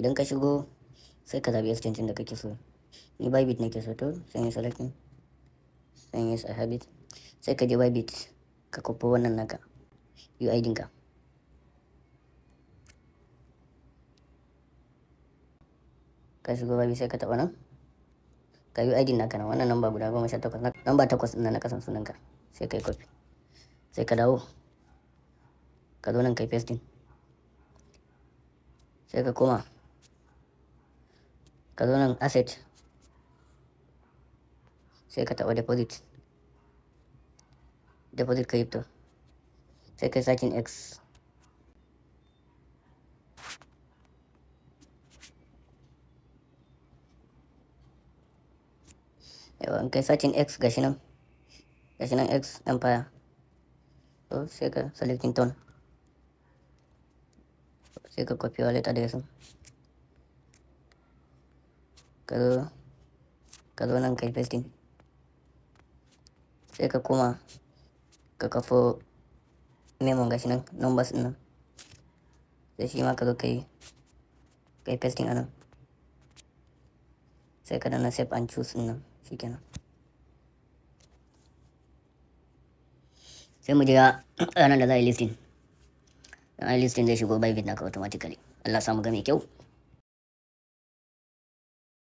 idan ka shigo sai ka zaɓi extension da kake so ni bybit nake so to sai yi selecting sai yi a habit sai ka je bybit ka kopo wannan naka UI dinka ka shigo bybit sai ka taɓa nan ka ui din naka nan wannan namba guda goma sha takwas namba takwas ɗin na kasan sunanka sai ka yi copy sai ka dawo ka zo nan ka yi pasting sai ka koma ka zo nan asset sai ka taɓa deposit deposit crypto sai kai sakin x yawa in kai sakin x gashi nan gashi nan x empire so sai ka selecting tone sai ka copy wallet address kazo zo nan ka yi pasting sai ka koma ka kafo memon gashi nan numbers din nan sai shi ma kazo kai ka yi pasting anan sai ka dana save and choose din nan shikenan sai mu jira ranar da za a yi listing don yi listing zai shigo bybit naka automatically Allah samu ga mai kyau